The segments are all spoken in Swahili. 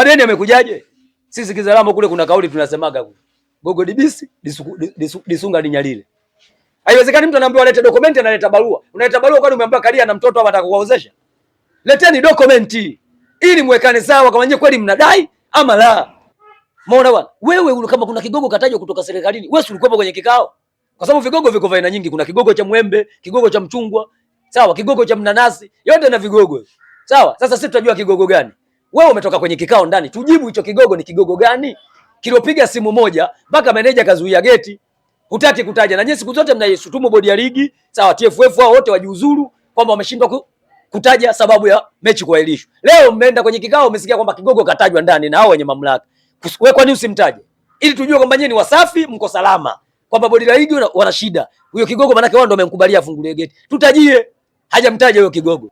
madeni yamekujaje? Sisi kizalamo kule kuna kauli tunasemaga kule. Gogo dibisi disunga linyalile. Haiwezekani mtu anaambiwa alete dokumenti analeta barua. Unaleta barua kwani umeambiwa kalia na mtoto hapa atakuwaozesha? Leteni dokumenti ili mwekane sawa kama nyie kweli mnadai ama la. Umeona bwana? Wewe kama kuna kigogo katajwa kutoka serikalini, wewe si ulikuwepo kwenye kikao? Kwa sababu vigogo viko vya aina nyingi, kuna kigogo cha mwembe, kigogo cha mchungwa, sawa, kigogo cha mnanasi, yote na vigogo. Sawa? Sasa sisi tutajua kigogo gani? Wewe umetoka kwenye kikao ndani, tujibu hicho kigogo ni kigogo gani kilopiga simu moja mpaka meneja kazuia geti? Hutaki kutaja. Na nyinyi siku zote mnaishutumu bodi ya ligi, sawa, TFF wao wote wajiuzuru kwamba wameshindwa kutaja sababu ya mechi kuahirishwa. Leo mmeenda kwenye kikao, umesikia kwamba kigogo katajwa ndani na hao wenye mamlaka. Wewe kwa nini usimtaje? Ili tujue kwamba nyinyi ni wasafi, mko salama, kwamba bodi ya ligi wana shida. Huyo kigogo manake wao ndio wamemkubalia afungulie geti. Tutajie, hajamtaja huyo kigogo.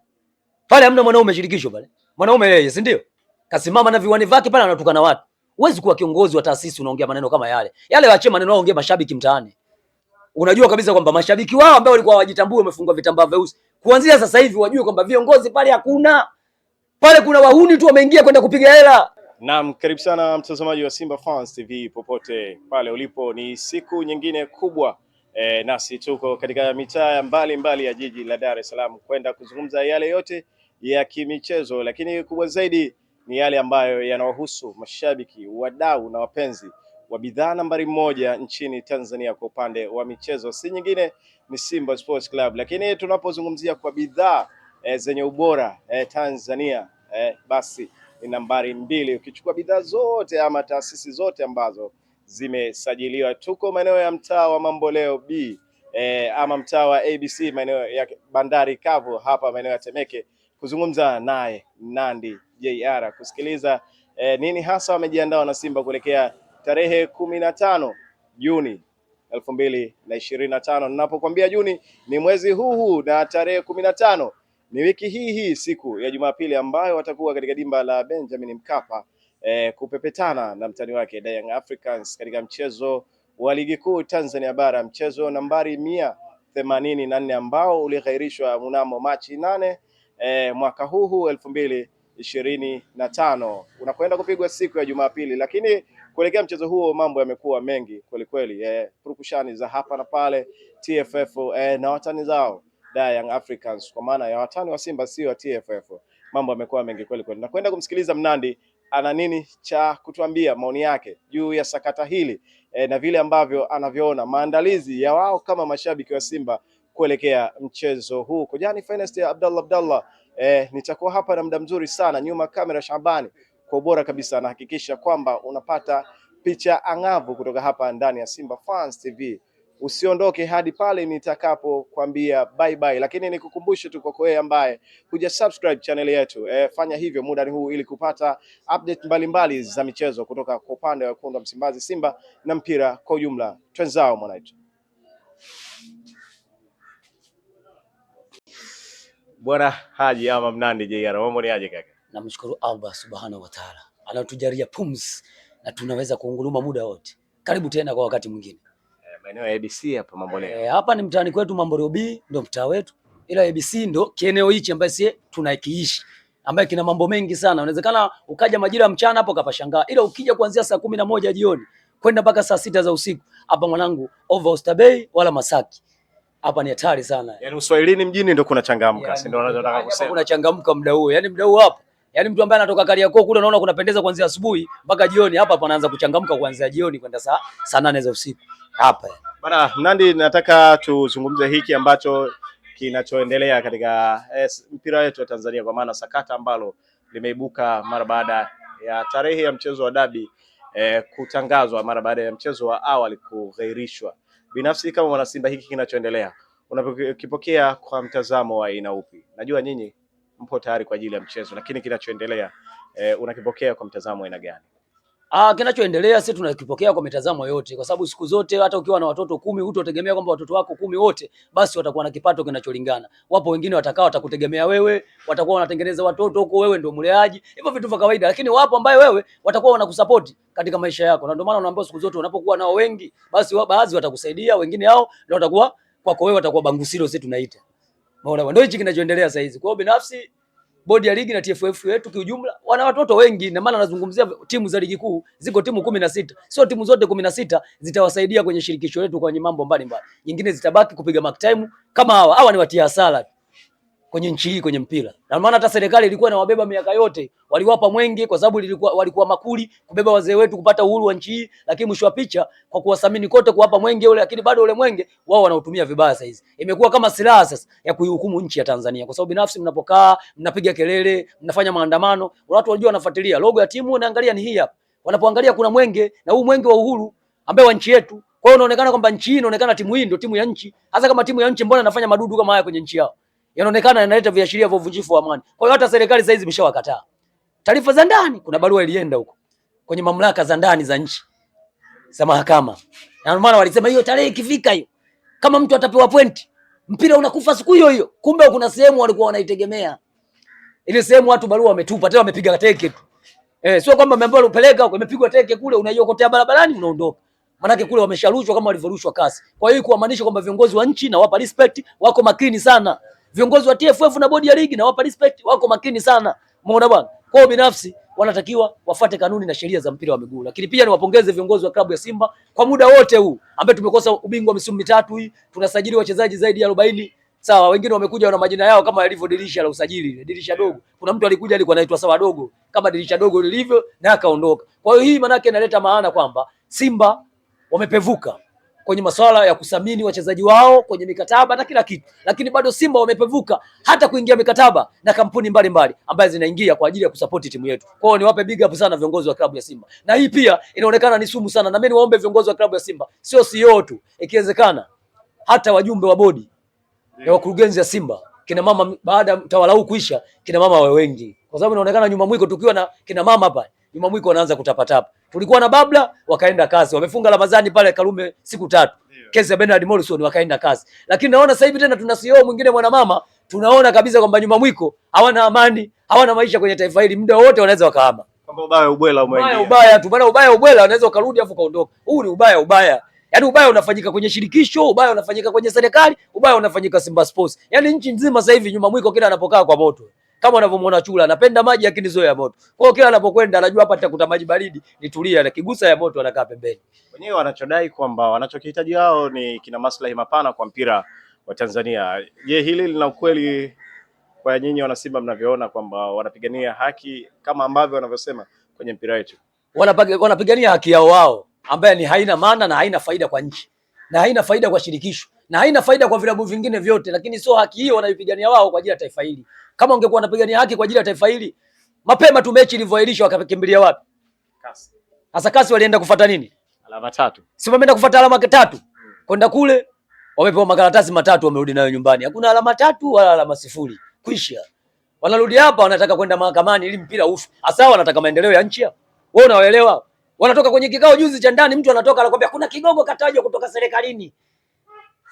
Pale hamna mwanaume shirikisho pale mwanaume yeye, si ndio? Kasimama na viwani vake pale, anatukana watu. Huwezi kuwa kiongozi wa taasisi unaongea maneno kama yale yale. waache maneno yao, ongea mashabiki mtaani. Unajua kabisa kwamba mashabiki wao ambao walikuwa hawajitambui wamefungwa vitambaa vyeusi. Kuanzia sasa hivi wajue kwamba viongozi pale hakuna, pale kuna wahuni tu wameingia kwenda kupiga hela. Naam, karibu sana mtazamaji wa Simba Fans TV popote pale ulipo, ni siku nyingine kubwa e, nasi tuko katika mitaa mbalimbali ya jiji la Dar es Salaam kwenda kuzungumza yale yote ya kimichezo, lakini kubwa zaidi ni yale ambayo yanawahusu mashabiki, wadau na wapenzi wa bidhaa nambari moja nchini Tanzania kwa upande wa michezo, si nyingine ni Simba Sports Club. Lakini tunapozungumzia kwa bidhaa e, zenye ubora e, Tanzania e, basi ni nambari mbili ukichukua bidhaa zote ama taasisi zote ambazo zimesajiliwa. Tuko maeneo ya mtaa wa Mamboleo B e, ama mtaa wa ABC maeneo ya Bandari Kavu hapa maeneo ya Temeke kuzungumza naye Nandi JR kusikiliza eh, nini hasa wamejiandaa na Simba kuelekea tarehe kumi na tano Juni elfu mbili na ishirini na tano. Ninapokuambia Juni ni mwezi huu huu na tarehe kumi na tano ni wiki hii hii, siku ya Jumapili ambayo watakuwa katika dimba la Benjamin Mkapa eh, kupepetana na mtani wake Young Africans katika mchezo wa ligi kuu Tanzania bara, mchezo nambari mia themanini na nne ambao ulighairishwa mnamo Machi nane eh, mwaka huu huu elfu mbili ishirini na tano unakwenda kupigwa siku ya Jumapili, lakini kuelekea mchezo huo mambo yamekuwa mengi kwelikweli, eh, purukushani za hapa na pale TFF eh, na watani zao da Young Africans, kwa maana ya watani wa Simba sio wa TFF. Mambo yamekuwa mengi kweli kweli, na kwenda kumsikiliza Mnandi ana nini cha kutuambia, maoni yake juu ya sakata hili e, na vile ambavyo anavyoona maandalizi ya wao kama mashabiki wa Simba kuelekea mchezo huu Kojani Finest ya Abdallah Abdallah. Eh, nitakuwa hapa na muda mzuri sana nyuma kamera Shabani kwa ubora kabisa, anahakikisha kwamba unapata picha ang'avu kutoka hapa ndani ya Simba Fans TV. Usiondoke hadi pale nitakapokuambia bye bye, lakini nikukumbushe tu, kwa wewe ambaye huja subscribe channel yetu e, fanya hivyo muda huu ili kupata update mbalimbali za michezo kutoka kwa upande wa wekundu Msimbazi, Simba na mpira kwa ujumla. Twenzao mwanaitu. Bwana Haji ama Mnandi JR, mambo ni aje kaka? Namshukuru Allah subhanahu wa ta'ala, anatujalia pumzi na tunaweza kuunguluma muda wote. Karibu tena kwa wakati mwingine eh, maeneo ya ABC hapa mambo leo eh, hapa ni mtaani kwetu Mamboleo B ndo mtaa wetu, ila ABC ndo kieneo hichi ambaye sie tunaikiishi ambaye kina mambo mengi sana. Unawezekana ukaja majira ya mchana hapo kapashangaa, ila ukija kuanzia saa kumi na moja jioni kwenda mpaka saa sita za usiku hapa mwanangu, over Bay wala Masaki hapa ni hatari sana. Yaani Uswahilini mjini ndio kuna changamka, si ndio wanataka yaani kusema. Kuna changamka muda huo. Yaani muda huo hapa. Yaani mtu ambaye anatoka Kariakoo kule kuna pendeza kuanzia asubuhi mpaka jioni, hapa hapa anaanza kuchangamka kuanzia jioni kwenda saa saa nane za usiku. Hapa. Yaani. Bana, Nandi, nataka tuzungumze hiki ambacho kinachoendelea katika eh, mpira wetu wa Tanzania kwa maana sakata ambalo limeibuka mara baada ya tarehe ya mchezo wa dabi eh, kutangazwa mara baada ya mchezo wa awali kughairishwa binafsi kama mwanasimba, hiki kinachoendelea unapokipokea kwa mtazamo wa aina upi? Najua nyinyi mpo tayari kwa ajili ya mchezo, lakini kinachoendelea eh, unakipokea kwa mtazamo aina gani? Ah, kinachoendelea sisi tunakipokea kwa mitazamo yote, kwa sababu siku zote hata ukiwa na watoto kumi hutotegemea kwamba watoto wako kumi wote basi watakuwa na kipato kinacholingana. Wapo wengine watakao watakutegemea wewe, watakuwa wanatengeneza watoto huko, wewe ndio mleaji, hivyo vitu vya kawaida, lakini wapo ambaye wewe watakuwa wanakusupport katika maisha yako, na ndio maana unaambiwa siku zote unapokuwa nao wengi, basi baadhi watakusaidia, wengine hao ndio watakuwa kwako wewe, watakuwa bangusilo, sisi tunaita. Maana ndio hichi kinachoendelea sasa hizi. Kwa hiyo binafsi bodi ya ligi na TFF yetu kiujumla wana watoto wengi, na maana nazungumzia timu za ligi kuu, ziko timu kumi na sita. Sio timu zote kumi na sita zitawasaidia kwenye shirikisho letu kwenye mambo mbalimbali, nyingine zitabaki kupiga mark time kama hawa. Hawa ni watia hasara kwenye nchi hii kwenye mpira. Na maana hata serikali ilikuwa inawabeba miaka yote, waliwapa mwenge kwa sababu lilikuwa walikuwa makuli kubeba wazee wetu kupata uhuru wa nchi hii, lakini mwisho wa picha kwa kuwasamini kote kuwapa mwenge ule, lakini bado ule mwenge wao wanautumia vibaya. Sasa hizi imekuwa kama silaha sasa ya kuihukumu nchi ya Tanzania, kwa sababu binafsi mnapokaa mnapiga kelele, mnafanya maandamano, watu wanajua, wanafuatilia logo ya timu, wanaangalia ni hii hapa, wanapoangalia kuna mwenge, na huu mwenge wa uhuru ambaye wa nchi yetu. Kwa hiyo unaonekana kwamba nchi hii inaonekana timu hii ndio timu ya nchi, hasa kama timu ya nchi, mbona anafanya madudu kama haya kwenye nchi yao? yanaonekana yanaleta viashiria vya uvunjifu wa amani. Kwa hiyo hata serikali sasa hizi imeshawakataa. Taarifa za ndani, kuna barua ilienda huko kwenye mamlaka za ndani za nchi za mahakama, na ndio maana walisema hiyo tarehe ikifika hiyo, kama mtu atapewa point, mpira unakufa siku hiyo hiyo. Kumbe kuna sehemu walikuwa wanaitegemea ile sehemu, watu barua wametupa tena, wamepiga teke tu eh, sio kwamba mmeambiwa upeleka huko, imepigwa teke kule, unaiokotea barabarani, unaondoka Manake kule wamesharushwa kama walivyorushwa kasi. Kwa hiyo kuwamaanisha kwamba viongozi wa nchi na wapa respect, wako makini sana. Viongozi wa TFF na bodi ya ligi na wapa respect, wako makini sana, umeona bwana. Kwao binafsi wanatakiwa wafuate kanuni na sheria za mpira wa miguu, lakini pia niwapongeze viongozi wa klabu ya Simba kwa muda wote huu ambaye tumekosa ubingwa misimu mitatu hii, tunasajili wachezaji zaidi ya 40 Sawa, wengine wamekuja na majina yao kama yalivyo dirisha la usajili dirisha dogo. Kuna mtu alikuja alikuwa anaitwa sawa dogo kama dirisha dogo lilivyo na akaondoka. Kwa hiyo hii maana yake inaleta maana kwamba Simba wamepevuka kwenye masuala ya kusamini wachezaji wao kwenye mikataba na kila kitu, lakini bado Simba wamepevuka hata kuingia mikataba na kampuni mbalimbali ambazo zinaingia kwa ajili ya kusapoti timu yetu. Kwao niwape big up sana viongozi wa klabu ya Simba, na hii pia inaonekana ni sumu sana, na mimi niwaombe viongozi wa klabu ya Simba, sio CEO tu, ikiwezekana hata wajumbe wa bodi ya wakurugenzi ya Simba kina mama, baada ya tawala huu kuisha, kina mama wawe wengi, kwa sababu inaonekana nyuma mwiko tukiwa na kina mama hapa Mwiko wanaanza kutapatapa. Tulikuwa na Babla wakaenda kazi, wamefunga Ramadhani pale Karume siku tatu, Yeah. kesi ya Bernard Morrison wakaenda kazi, lakini naona sasa hivi tena tuna CEO mwingine mama, tunaona kabisa kwamba mwiko hawana amani, hawana maisha kwenye taifa hili, muda wowote wanaweza wakahama. Kwamba ubaya ubwela umeingia, ubaya tu, maana ubaya ubwela unaweza ukarudi afu ukaondoka. Huu ni ubaya ubaya Yaani ubaya unafanyika kwenye shirikisho, ubaya unafanyika kwenye serikali, ubaya unafanyika Simba Sports. Yaani nchi nzima sasa hivi nyuma mwiko kila anapokaa kwa moto kama unavyomuona Chula anapenda maji lakini sio ya moto. Kwa hiyo kila anapokwenda anajua hapa atakuta maji baridi, nitulia, na kigusa ya moto anakaa pembeni. Wenyewe wanachodai kwamba wanachokihitaji wao ni kina maslahi mapana kwa mpira wa Tanzania. Je, hili lina ukweli kwa nyinyi Simba mnavyoona kwamba wanapigania haki kama ambavyo wanavyosema kwenye mpira wetu? Wanapigania haki yao wao ambaye ni haina maana na haina faida kwa nchi na haina faida kwa shirikisho na haina faida kwa vilabu vingine vyote, lakini sio haki hiyo wanayopigania wao kwa ajili ya taifa hili. Kama ungekuwa unapigania haki kwa ajili ya taifa hili, mapema tu mechi ilivyoahirishwa wakakimbilia wapi? Kasi. Hasa kasi walienda kufuata nini? Alama tatu. Si wameenda kufuata alama tatu. Kwenda kule wamepewa makaratasi matatu wamerudi nayo nyumbani. Hakuna alama tatu wala alama sifuri. Kwisha. Wanarudi hapa wanataka kwenda mahakamani ili mpira ufe. Hasa wanataka maendeleo ya nchi hapa. Wewe unaelewa? Wanatoka kwenye kikao juzi cha ndani, mtu anatoka anakuambia kuna kigogo katajwa kutoka serikalini.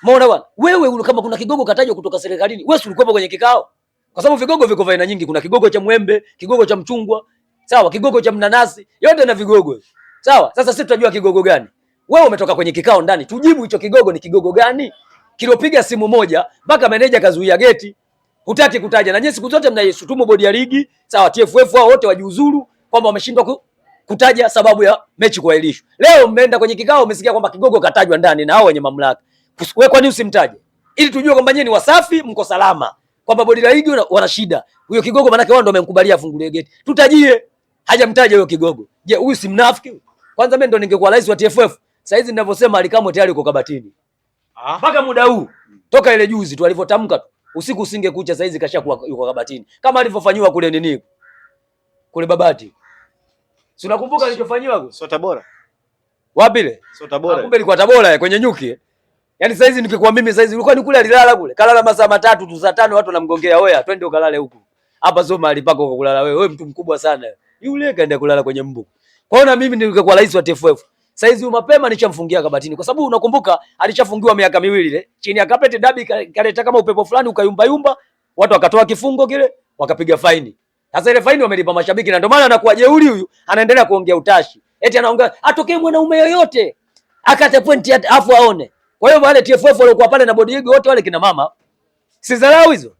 Maona bwana? Wewe kama kuna kigogo katajwa kutoka serikalini, wewe si ulikuwa kwenye kikao? Kwa sababu vigogo viko aina nyingi, kuna kigogo cha mwembe, kigogo cha mchungwa, sawa, kigogo cha mnanasi, yote na vigogo. Sawa? Sasa sisi tunajua kigogo gani? Wewe umetoka kwenye kikao ndani, tujibu hicho kigogo ni kigogo gani? Kilopiga simu moja mpaka meneja kazuia geti. Hutaki kutaja. Na nyinyi siku zote mnaishutumu bodi ya ligi, sawa, TFF wao wote wajiuzuru kwamba wameshindwa ku kutaja sababu ya mechi kuahirishwa. Leo mmeenda kwenye kikao, umesikia kwamba kigogo katajwa ndani na hao wenye mamlaka. Wewe kwa nini usimtaje ili tujue kwamba nyinyi ni wasafi, mko salama, kwamba bodi la ligi wana shida. Huyo kigogo manake wao ndio wamemkubalia afungulie geti, tutajie. Hajamtaja huyo kigogo. Je, huyu si mnafiki? Kwanza mimi ndo ningekuwa rais wa TFF sasa hizi ninavyosema, alikamwe tayari uko kabatini Ah. mpaka muda huu, toka ile juzi tu alivyotamka tu usiku usinge kucha, sasa hizi kashakuwa yuko kabatini, kama alivyofanywa kule nini kule Babati, si unakumbuka alichofanyiwa kule? Sio Tabora wapi ile? Sio Tabora kumbe ilikuwa Tabora eh, kwenye nyuki Eh. Yaani saa hizi nikikwambia mimi saa hizi ulikuwa ni kule alilala kule. Kalala masaa matatu tu saa tano watu wanamgongea wewe, twende ukalale huku. Hapa sio mahali pako kwa kulala wewe. Wewe mtu mkubwa sana. Yule kaenda kulala kwenye mbu. Kwa hiyo na mimi nilikuwa rais wa TFF. Saa hizi mapema nishamfungia kabatini kwa sababu unakumbuka alichafungiwa miaka miwili ile. Chini ya kapeti dabi kaleta kama upepo fulani ukayumba yumba. Watu wakatoa kifungo kile, wakapiga faini. Sasa ile faini wamelipa mashabiki na ndio maana anakuwa jeuri huyu, anaendelea kuongea utashi. Eti anaongea atokee mwanaume yoyote. Akate pointi afu aone. Kwa hiyo wale TFF waliokuwa pale na bodi yao wote wale kina mama, si hizo?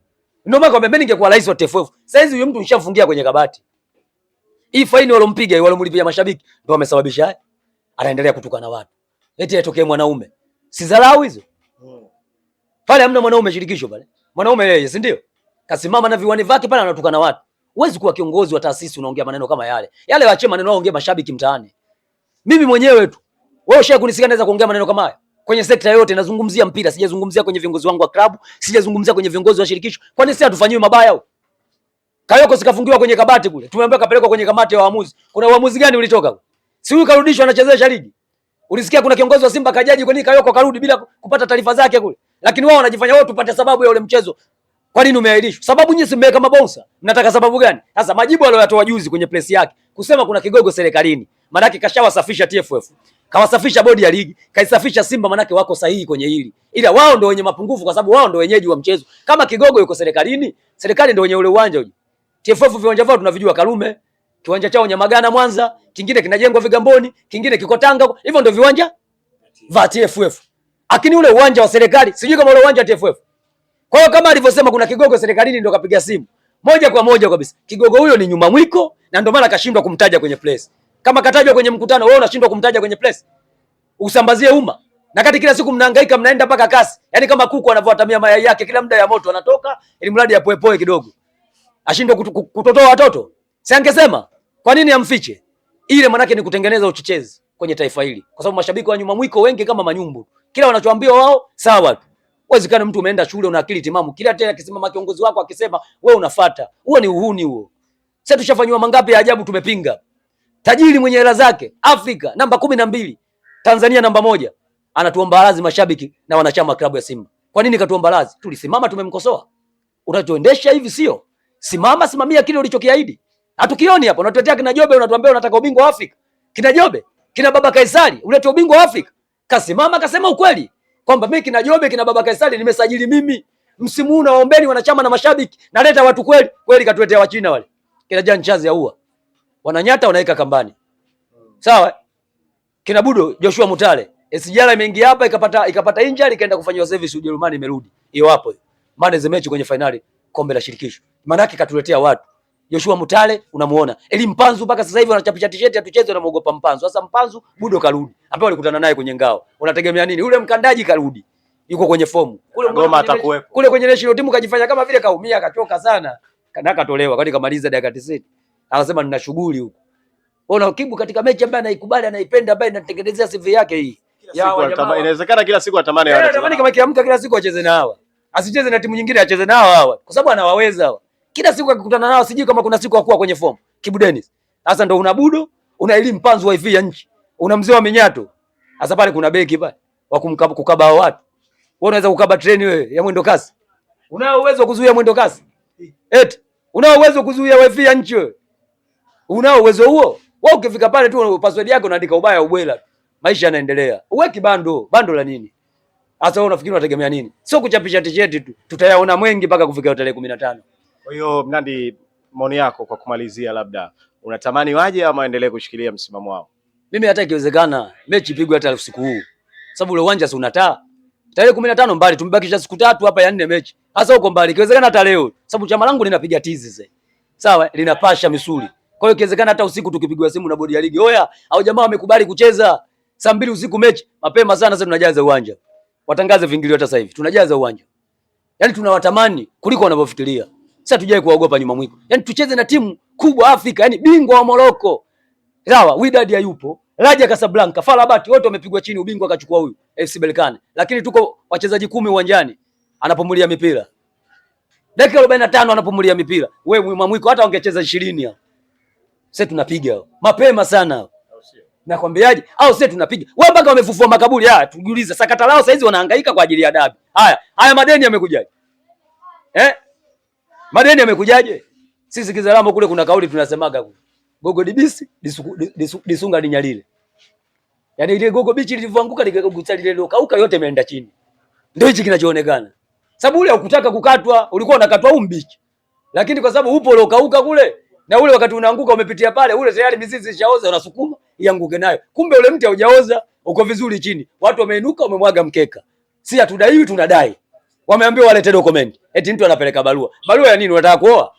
Ndio maana kwambia mimi ningekuwa rais wa TFF sasa, hizi huyo mtu nishamfungia kwenye kabati. Hii faini walompiga walomlipia mashabiki ndio wamesababisha haya, anaendelea kutukana watu eti atokee mwanaume, si hizo? Pale hamna mwanaume shirikisho pale, mwanaume yeye, si ndio? Kasimama na viwani vyake pale, anatukana watu. Huwezi kuwa kiongozi wa taasisi unaongea maneno kama yale yale, waache maneno, waongee mashabiki mtaani. Mimi mwenyewe tu, wewe ushaye kunisikia naweza kuongea maneno kama haya? kwenye sekta yote, nazungumzia mpira, sijazungumzia kwenye viongozi wangu wa klabu, sijazungumzia kwenye viongozi wa shirikisho. Kwani sisi hatufanyiwi mabaya? Kayoko sikafungiwa kwenye kabati kule, tumeambiwa kapelekwa kwenye kamati ya waamuzi. Kuna uamuzi gani ulitoka? Si huyu karudishwa, anachezesha ligi. Ulisikia kuna kiongozi wa Simba kajaji, kwa nini Kayoko karudi bila kupata taarifa zake kule? Lakini wao wanajifanya wao tupate sababu ya ule mchezo. Kwa nini umeahirishwa? Sababu nyinyi si mmeweka mabonsa. Mnataka sababu gani? Sasa majibu aliyoyatoa juzi kwenye press yake kusema kuna kigogo serikalini. Maana yake kashawasafisha TFF kawasafisha bodi ya ligi, kaisafisha Simba, manake wako sahihi kwenye hili, ila wao ndio wenye mapungufu, kwa sababu wao ndio wenyeji wa mchezo. Kama kigogo yuko serikalini, serikali ndio wenye ule uwanja huo. TFF viwanja vyao tunavijua, Karume kiwanja chao Nyamagana Mwanza, kingine kinajengwa Vigamboni, kingine kiko Tanga, hivyo ndio viwanja vya TFF, lakini ule uwanja wa serikali sijui kama ule uwanja wa TFF. Kwa hiyo kama alivyosema, kuna kigogo serikalini ndio kapiga simu moja kwa moja kabisa. Kigogo huyo ni nyuma mwiko, na ndio maana akashindwa kumtaja kwenye press. Kama katajwa kwenye mkutano, wewe unashindwa kumtaja kwenye press, usambazie umma na kati kila siku mnahangaika, mnaenda mpaka kasi, yani kama kuku anavyoatamia mayai yake kila muda ya moto anatoka, ili mradi apoepoe kidogo, ashindwe kutotoa watoto. Si angesema? Kwa nini amfiche? Ile manake ni kutengeneza uchochezi kwenye taifa hili, kwa sababu mashabiki wa nyuma mwiko wengi kama manyumbu, kila wanachoambiwa wao sawa tu. Uwezekana mtu umeenda shule, una akili timamu, kila tena akisimama kiongozi wako akisema, wewe unafuata. Huo ni uhuni huo. Sasa tushafanywa mangapi ya ajabu tumepinga tajiri mwenye hela zake Afrika namba kumi na mbili, Tanzania namba moja, anatuomba radhi mashabiki na wanachama wa klabu ya Simba. Kwa nini katuomba radhi? Tulisimama tumemkosoa. Unachoendesha hivi sio, simama, simamia kile ulichokiahidi. Hatukioni hapo, unatuletea kina Jobe, unatuambia unataka ubingwa wa Afrika. Kina Jobe, kina Baba Kaisari, ulete ubingwa wa Afrika. Kasimama kasema ukweli kwamba mimi kina Jobe, kina Baba Kaisari nimesajili mimi msimu huu, nawaombeni wanachama na mashabiki, naleta watu kweli kweli. Katuletea Wachina wale, kina Jan Chazi ya uwa wananyata wanaweka kambani, sawa. Kina Budo Joshua Mutale, eh, Sijala imeingia hapa ikapata ikapata injury ikaenda kufanyiwa service Ujerumani, imerudi hiyo hapo, maana ze mechi kwenye finali kombe la shirikisho, maana yake katuletea watu. Joshua Mutale unamuona, Eli Mpanzu mpaka sasa hivi wanachapisha t-shirt atucheze, muogopa Mpanzu. Sasa Mpanzu Budo karudi, ambao walikutana naye kwenye ngao, unategemea nini? Ule mkandaji karudi yuko kwenye fomu kule, Ngoma atakuwepo kule kwenye national team, kajifanya kama vile kaumia, akachoka sana, kana katolewa, kwani kamaliza dakika 90 anasema nina shughuli huko. Ona Kibu katika mechi ambayo anaikubali, anaipenda, ambayo inatengenezea CV yake hii. Inawezekana kila siku atamani hawa. Anatamani kama kiamka kila siku acheze na hawa. Asicheze na timu nyingine, acheze na hawa hawa. Kwa sababu anawaweza hawa. Kila siku akikutana nao sijui kama kuna siku akuwa kwenye fomu. Kibu Dennis. Sasa ndio unabudu, una elimu panzu wa hivi ya nchi. Una mzee wa minyato. Sasa pale kuna beki pale wa kumkaba kukaba watu. Wewe unaweza kukaba treni wewe ya mwendo kasi. Unao uwezo kuzuia mwendo kasi? Eti, unao uwezo kuzuia wifi ya nchi wewe? Unao uwezo huo? Wewe ukifika pale tu password yako unaandika ubaya ubwela, maisha yanaendelea. Uweki bando, bando la nini? Hasa wewe unafikiri unategemea nini? Sio kuchapisha t-shirt tu. Tutayaona mwengi mpaka kufika tarehe 15. Kwa hiyo Mnandi, maoni yako kwa kumalizia, labda unatamani waje ama waendelee kushikilia msimamo wao? Mimi hata ikiwezekana mechi pigwe hata usiku huu. Sababu ule uwanja si unataa. Tarehe 15 mbali, tumebakisha siku tatu hapa ya nne mechi. Hasa uko mbali. Ikiwezekana hata leo. Sababu chama langu linapiga tizi sasa. Sawa, linapasha misuli. Kwa hiyo ikiwezekana hata usiku tukipigwa simu na bodi ya ligi, oya, au jamaa wamekubali kucheza saa mbili usiku mechi mapema sana, sasa tunajaza uwanja. Watangaze vingilio hata sasa hivi, tunajaza uwanja. Yaani tunawatamani kuliko wanavyofikiria. Sasa tujae kuwaogopa nyuma mwiko. Yaani tucheze na timu kubwa Afrika, yaani bingwa wa Morocco. Sawa, Wydad hayupo, Raja Casablanca, FAR Rabat wote wamepigwa chini, ubingwa akachukua huyu FC Berkane. Lakini tuko wachezaji kumi uwanjani anapumulia mipira. Dakika 45 anapumulia mipira. Wewe mwiko hata ungecheza 20 hapo sasa tunapiga mapema sana, nakwambiaje? Au sasa tunapiga wao mpaka wamefufua makaburi haya. Tujiulize sakata lao saizi, wanahangaika kwa ajili ya dabi. Haya haya madeni yamekujaje eh? Madeni yamekujaje? Sisi kizalamo kule kuna kauli tunasemaga kule gogo dibisi disu, disunga linyalile, yani ile gogo bichi lilivanguka likagusa lile lokauka, yote imeenda chini. Ndio hichi kinachoonekana, sababu ule ukutaka kukatwa, ulikuwa unakatwa umbichi, lakini kwa sababu upo lokauka kule na ule wakati unaanguka umepitia pale, ule tayari mizizi ishaoza, unasukuma ianguke nayo. Kumbe ule mti haujaoza, uko vizuri chini, watu wameinuka, wamemwaga mkeka. Si hatudaiwi, tunadai. Wameambiwa walete document, eti mtu anapeleka barua. Barua ya nini? Unataka kuoa?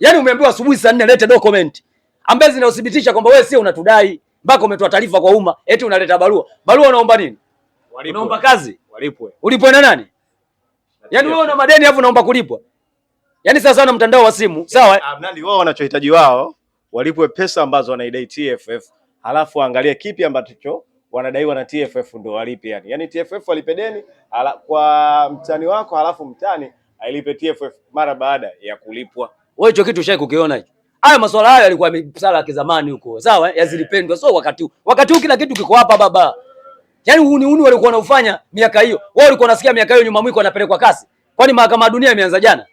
Yaani umeambiwa asubuhi saa 4 lete document ambazo zinathibitisha kwamba wewe sio unatudai, mpaka umetoa taarifa kwa umma, eti unaleta barua. Barua unaomba nini? Walipwe. Unaomba kazi? Walipwe. Ulipwe na nani? Yaani wewe una madeni alafu unaomba kulipwa. Yaani sasa na mtandao wa simu sawa, ah, nani wao wanachohitaji wao walipwe pesa ambazo wanaidai TFF, halafu angalie kipi ambacho wanadaiwa na TFF ndio walipe yani. Yaani TFF walipe deni kwa mtani wako, halafu mtani ailipe TFF mara baada ya kulipwa. Wewe hicho kitu ushai kukiona hicho? Hayo masuala hayo yalikuwa msala ya zamani huko, sawa, eh? yazilipendwa. So wakati huu, wakati huu kila kitu kiko hapa baba. Yaani huni huni walikuwa wanaufanya miaka hiyo. Wao walikuwa wanasikia miaka hiyo nyuma mwiko anapelekwa kasi. Kwani mahakama ya dunia imeanza jana?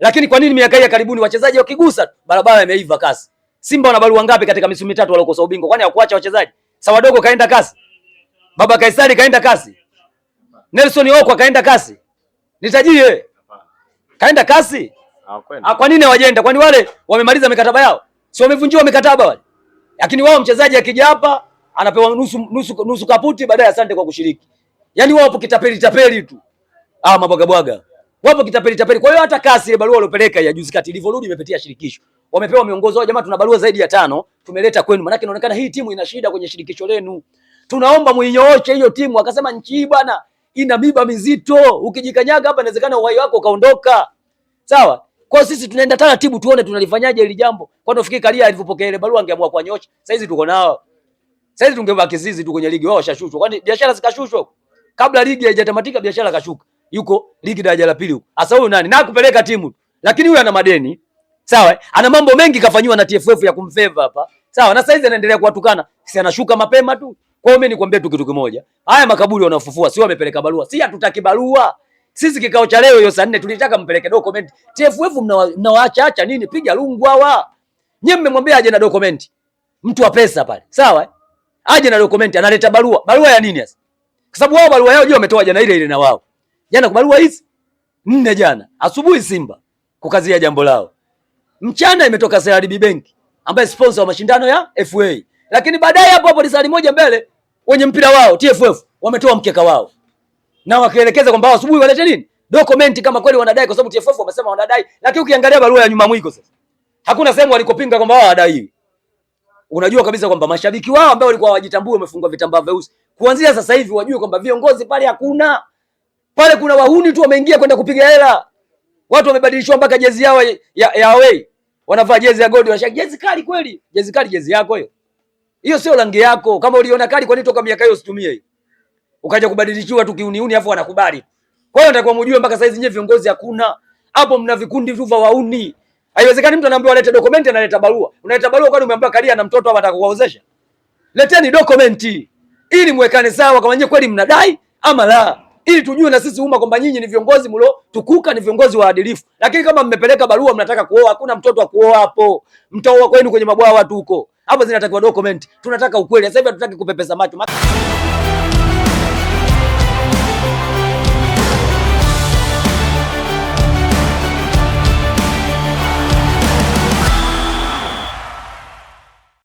Lakini kwa nini miaka hii ya karibuni wachezaji wakigusa barabara imeiva kasi? Simba wana barua ngapi katika misimu mitatu waliokosa ubingwa? Kwani hawakuacha wachezaji? Sawadogo kaenda kasi, Baba Kaisari kaenda kasi, Nelson Okwa kaenda kasi, nitajie kaenda kasi. Hawakwenda. Ah, kwa nini hawajaenda? Kwani wale wamemaliza mikataba yao? Si wamevunjiwa mikataba wale? Lakini wao mchezaji akija hapa anapewa nusu, nusu, nusu kaputi, baadaye asante kwa kushiriki. Yaani wao hapo kitapeli tapeli tu, ah mabwaga bwaga wapo kitapeli tapeli. Kwa hiyo hata kasi ile barua waliopeleka ya juzi kati ilivyorudi imepitia shirikisho, wamepewa miongozo wao, jamaa, tuna barua zaidi ya tano tumeleta kwenu, maana inaonekana hii timu ina shida kwenye shirikisho lenu, tunaomba muinyooshe hiyo timu. Akasema nchi hii bwana ina miba mizito, ukijikanyaga hapa inawezekana uhai wako ukaondoka. Sawa, kwa sisi tunaenda taratibu, tuone tunalifanyaje hili jambo. Kwa ndio fikiri Kalia alivyopokea ile barua angeamua kuwanyosha. Sasa hizi tuko nao, sasa hizi tungebaki sisi tu kwenye ligi, wao washashushwa. Kwani biashara zikashushwa kabla ligi haijatamatika, biashara kashuka yuko ligi daraja la pili huko. Sasa huyu nani? Na kupeleka timu. Lakini huyu ana madeni. Sawa? Eh? Ana mambo mengi kafanywa na TFF ya kumfeva hapa. Sawa? Na saizi anaendelea kuwatukana. Si anashuka mapema tu. Kwa hiyo mimi nikwambie tu kitu kimoja. Haya makaburi wanafufua, si wamepeleka barua. Si hatutaki barua. Sisi kikao cha leo hiyo saa 4 tulitaka mpeleke document. TFF mnawaacha acha nini? Piga lungu hawa. Nyie mmemwambia aje na document. Mtu wa pesa pale. Sawa? Eh? Aje na document, analeta barua. Barua ya nini sasa? Kwa sababu wao barua yao je wametoa jana ile ile na wao jana kwa barua hizi nne jana asubuhi, Simba kukazia jambo lao. Mchana imetoka CRDB Bank ambaye sponsor wa mashindano ya FA, lakini baadaye hapo hapo risali moja mbele wenye mpira wao TFF wametoa mkeka wao na wakielekeza kwamba asubuhi walete nini document kama kweli wanadai, kwa sababu TFF wamesema wanadai, lakini ukiangalia barua ya nyuma mwiko sasa, hakuna sehemu walikopinga kwamba wao wadai. Unajua kabisa kwamba mashabiki wao ambao walikuwa wajitambue wamefungwa vitambaa vyeusi, kuanzia sasa hivi wajue kwamba viongozi pale hakuna pale kuna wahuni tu wameingia kwenda kupiga hela. Watu wamebadilishwa mpaka jezi yao ya, ya away wanavaa jezi ya gold, wanashika jezi kali kweli. Jezi kali, jezi yako hiyo hiyo, sio rangi yako. Kama uliona kali, kwa nini toka miaka hiyo usitumie hiyo, Ukaja kubadilishiwa tu kiuniuni, afu wanakubali. Kwa hiyo nataka mjue mpaka saizi nyewe viongozi hakuna hapo, mna vikundi tu vya wauni. Haiwezekani mtu anaambiwa alete dokumenti, analeta barua. Unaleta barua kwani umeambiwa kalia na mtoto hapa atakuwaozesha? Leteni dokumenti ili mwekane sawa kama nyewe kweli mnadai ama la ili tujue na sisi umma kwamba nyinyi ni viongozi tukuka ni viongozi waadilifu. Lakini kama mmepeleka barua mnataka kuoa, hakuna mtoto wa kuoa hapo, mtaoa kwenu kwenye mabwawa watu huko. Hapo zinatakiwa document. Tunataka ukweli. Sasa hivi hatutaki kupepesa macho.